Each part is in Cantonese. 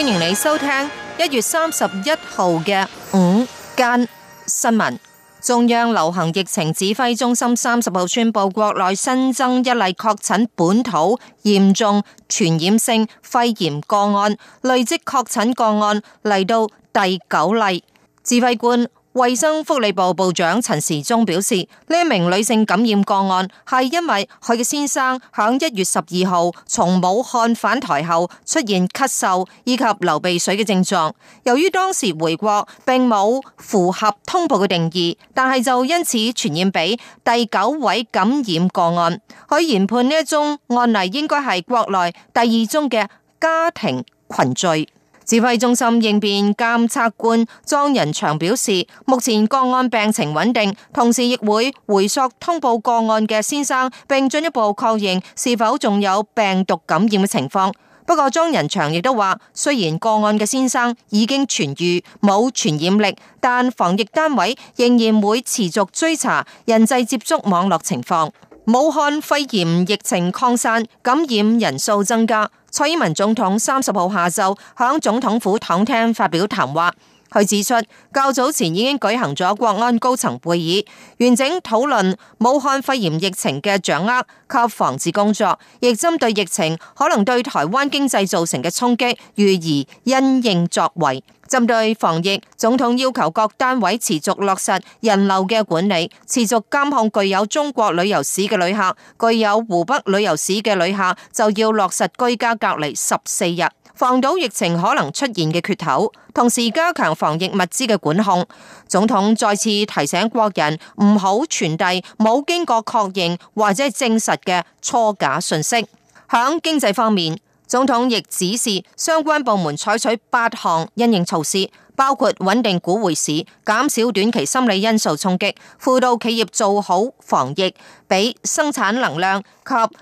歡迎你收聽一月三十一號嘅午間新聞。中央流行疫情指揮中心三十號宣布，國內新增一例確診本土嚴重傳染性肺炎個案，累積確診個案嚟到第九例。指揮官。衛生福利部部長陳時中表示，呢一名女性感染個案係因為佢嘅先生響一月十二號從武漢返台後出現咳嗽以及流鼻水嘅症狀，由於當時回國並冇符合通報嘅定義，但係就因此傳染俾第九位感染個案。佢研判呢一宗案例應該係國內第二宗嘅家庭群聚。指揮中心應變監察官莊仁祥表示，目前個案病情穩定，同時亦會回溯通報個案嘅先生，並進一步確認是否仲有病毒感染嘅情況。不過，莊仁祥亦都話，雖然個案嘅先生已經痊癒，冇傳染力，但防疫單位仍然會持續追查人際接觸網絡情況。武漢肺炎疫情擴散，感染人數增加。蔡英文總統三十號下晝喺總統府敞廳發表談話。佢指出，較早前已經舉行咗國安高層會議，完整討論武漢肺炎疫情嘅掌握及防治工作，亦針對疫情可能對台灣經濟造成嘅衝擊，予以因應作為。針對防疫，總統要求各單位持續落實人流嘅管理，持續監控具有中國旅遊史嘅旅客，具有湖北旅遊史嘅旅客就要落實居家隔離十四日。防堵疫情可能出現嘅缺口，同時加強防疫物資嘅管控。總統再次提醒國人唔好傳遞冇經過確認或者證實嘅初假信息。響經濟方面，總統亦指示相關部門採取八項因應措施，包括穩定股匯市、減少短期心理因素衝擊、輔導企業做好防疫、俾生產能量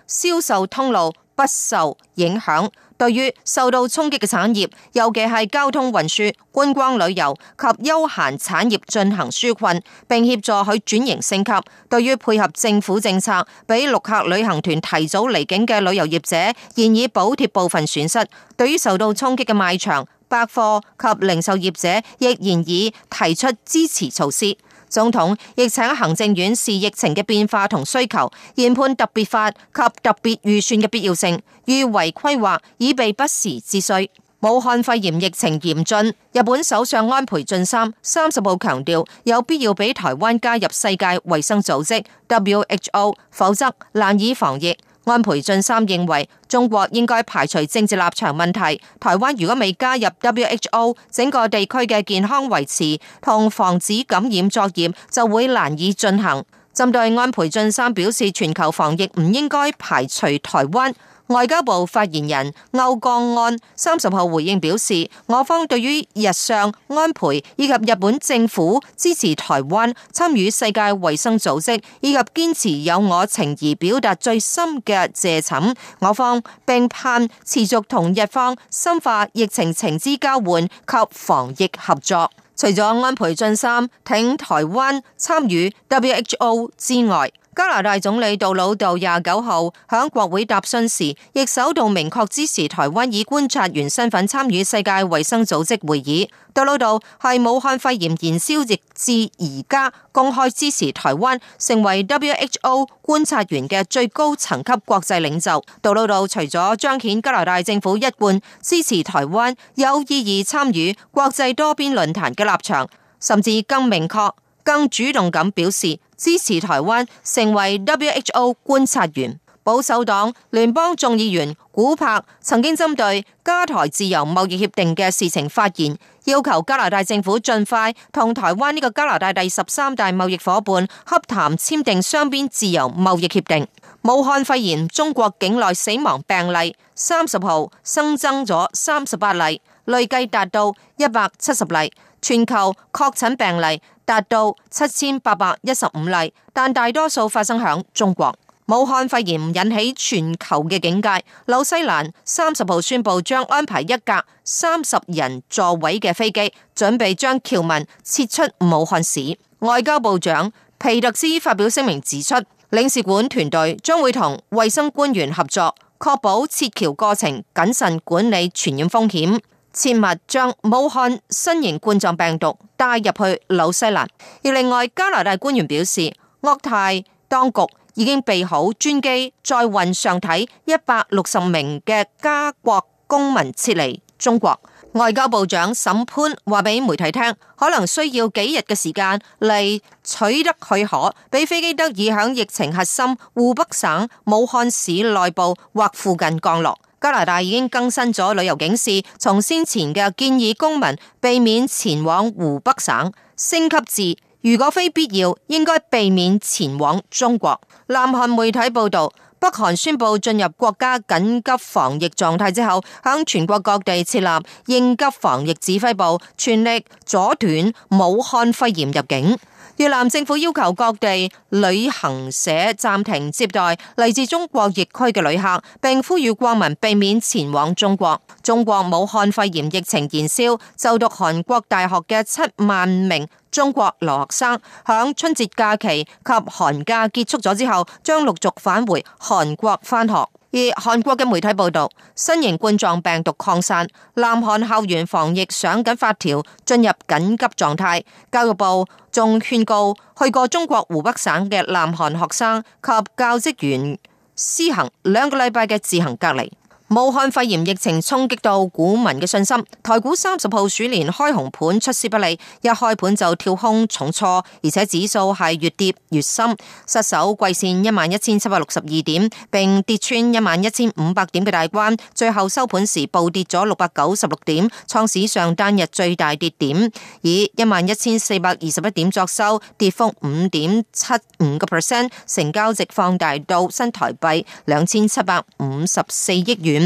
及銷售通路。不受影響。對於受到衝擊嘅產業，尤其係交通運輸、觀光旅遊及休閒產業進行紓困，並協助佢轉型升級。對於配合政府政策，俾陸客旅行團提早離境嘅旅遊業者，現已補貼部分損失。對於受到衝擊嘅賣場、百貨及零售業者，亦現已提出支持措施。總統亦請行政院視疫情嘅變化同需求，研判特別法及特別預算嘅必要性，預為規劃，以備不時之需。武漢肺炎疫情嚴峻，日本首相安倍晉三三十號強調，有必要俾台灣加入世界衛生組織 （WHO），否則難以防疫。安倍晉三認為，中國應該排除政治立場問題。台灣如果未加入 WHO，整個地區嘅健康維持同防止感染作業就會難以進行。針對安倍晉三表示，全球防疫唔應該排除台灣。外交部發言人歐江安三十號回應表示，我方對於日相安倍以及日本政府支持台灣參與世界衛生組織以及堅持有我情誼，表達最深嘅謝忱，我方並盼持續同日方深化疫情情資交換及防疫合作。除咗安倍晉三挺台灣參與 WHO 之外，加拿大總理杜魯道廿九號響國會答詢時，亦首度明確支持台灣以觀察員身份參與世界衛生組織會議。杜魯道係武漢肺炎延燒亦至而家，公開支持台灣成為 WHO 觀察員嘅最高層級國際領袖。杜魯道除咗彰顯加拿大政府一貫支持台灣有意義參與國際多邊論壇嘅立場，甚至更明確。更主動咁表示支持台灣成為 WHO 觀察員。保守黨聯邦眾議員古柏曾經針對加台自由貿易協定嘅事情發言，要求加拿大政府盡快同台灣呢個加拿大第十三大貿易夥伴洽談簽訂雙邊自由貿易協定。武漢肺炎中國境內死亡病例三十號新增咗三十八例，累計達到一百七十例。全球確診病例達到七千八百一十五例，但大多數發生響中國。武漢肺炎唔引起全球嘅警戒，紐西蘭三十號宣布將安排一架三十人座位嘅飛機，準備將僑民撤出武漢市。外交部長皮特斯發表聲明指出，領事館團隊將會同衛生官員合作，確保撤僑過程謹慎管理傳染風險。切勿將武漢新型冠狀病毒帶入去紐西蘭。而另外，加拿大官員表示，渥太當局已經備好專機，載運上體一百六十名嘅加國公民撤離中國。外交部長沈潘話俾媒體聽，可能需要幾日嘅時間嚟取得許可，俾飛機得以響疫情核心湖北省武漢市內部或附近降落。加拿大已經更新咗旅遊警示，從先前嘅建議公民避免前往湖北省，升級至如果非必要，應該避免前往中國。南韓媒體報道，北韓宣布進入國家緊急防疫狀態之後，向全國各地設立應急防疫指揮部，全力阻斷武漢肺炎入境。越南政府要求各地旅行社暫停接待嚟自中國疫區嘅旅客，並呼籲國民避免前往中國。中國武漢肺炎疫情延燒，就讀韓國大學嘅七萬名中國留學生，響春節假期及寒假結束咗之後，將陸續返回韓國翻學。而韓國嘅媒體報道，新型冠狀病毒擴散，南韓校園防疫上緊發條，進入緊急狀態。教育部仲勸告去過中國湖北省嘅南韓學生及教職員施行兩個禮拜嘅自行隔離。武漢肺炎疫情衝擊到股民嘅信心，台股三十號鼠年開紅盤出師不利，一開盤就跳空重挫，而且指數係越跌越深，失守季線一萬一千七百六十二點，並跌穿一萬一千五百點嘅大關，最後收盤時暴跌咗六百九十六點，創史上單日最大跌點，以一萬一千四百二十一點作收，跌幅五點七五個 percent，成交值放大到新台幣兩千七百五十四億元。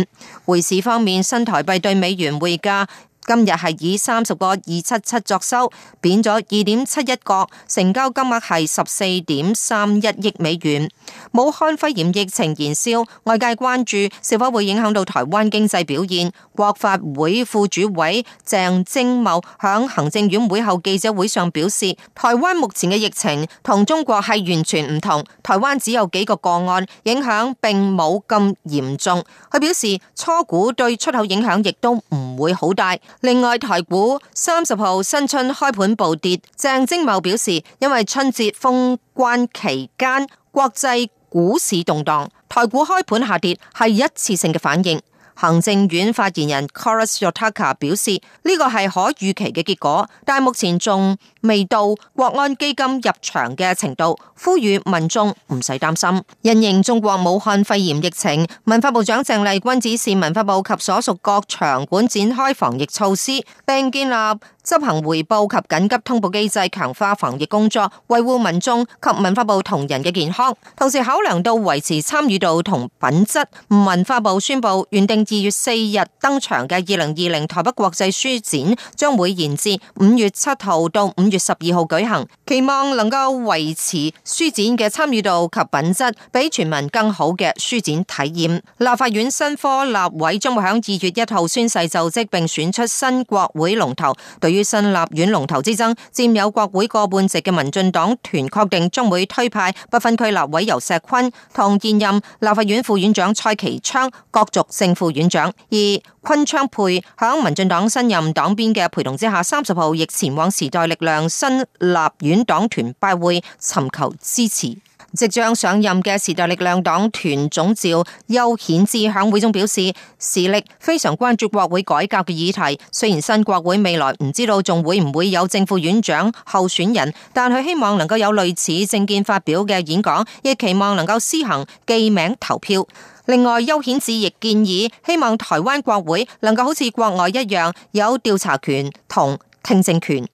匯市方面，新台幣兌美元匯價今日係以三十個二七七作收，貶咗二點七一角，成交金額係十四點三一億美元。武漢肺炎疫情延燒，外界關注是否會影響到台灣經濟表現。國發會副主委鄭精茂響行政院會後記者會上表示，台灣目前嘅疫情同中國係完全唔同，台灣只有幾個個案，影響並冇咁嚴重。佢表示，初估對出口影響亦都唔會好大。另外，台股三十號新春開盤暴跌，鄭精茂表示，因為春節封關期間，國際。股市動盪，台股開盤下跌係一次性嘅反應。行政院發言人 Kolas Yotaka 表示，呢個係可預期嘅結果，但目前仲，未到國安基金入場嘅程度，呼籲民眾唔使擔心。因應中國武漢肺炎疫情，文化部長鄭麗君指示文化部及所屬各場館展開防疫措施，並建立執行回報及緊急通報機制，強化防疫工作，維護民眾及文化部同仁嘅健康。同時考量到維持參與度同品質，文化部宣布原定二月四日登場嘅二零二零台北國際書展將會延至五月七號到五月月十二號舉行，期望能夠維持書展嘅參與度及品質，俾全民更好嘅書展體驗。立法院新科立委將會響二月一號宣誓就職，并選出新國會龍頭。對於新立院龍頭之爭，占有國會過半席嘅民進黨團確定將會推派不分區立委游錫堃，同現任立法院副院長蔡其昌角逐正副院長。而昆昌配響民進黨新任黨鞭嘅陪同之下，三十號亦前往時代力量新立院黨團拜會，尋求支持。即將上任嘅時代力量黨團總召邱顯智喺會中表示，時力非常關注國會改革嘅議題。雖然新國會未來唔知道仲會唔會有正副院長候選人，但佢希望能夠有類似政見發表嘅演講，亦期望能夠施行記名投票。另外，邱顯智亦建議，希望台灣國會能夠好似國外一樣有調查權同聽證權。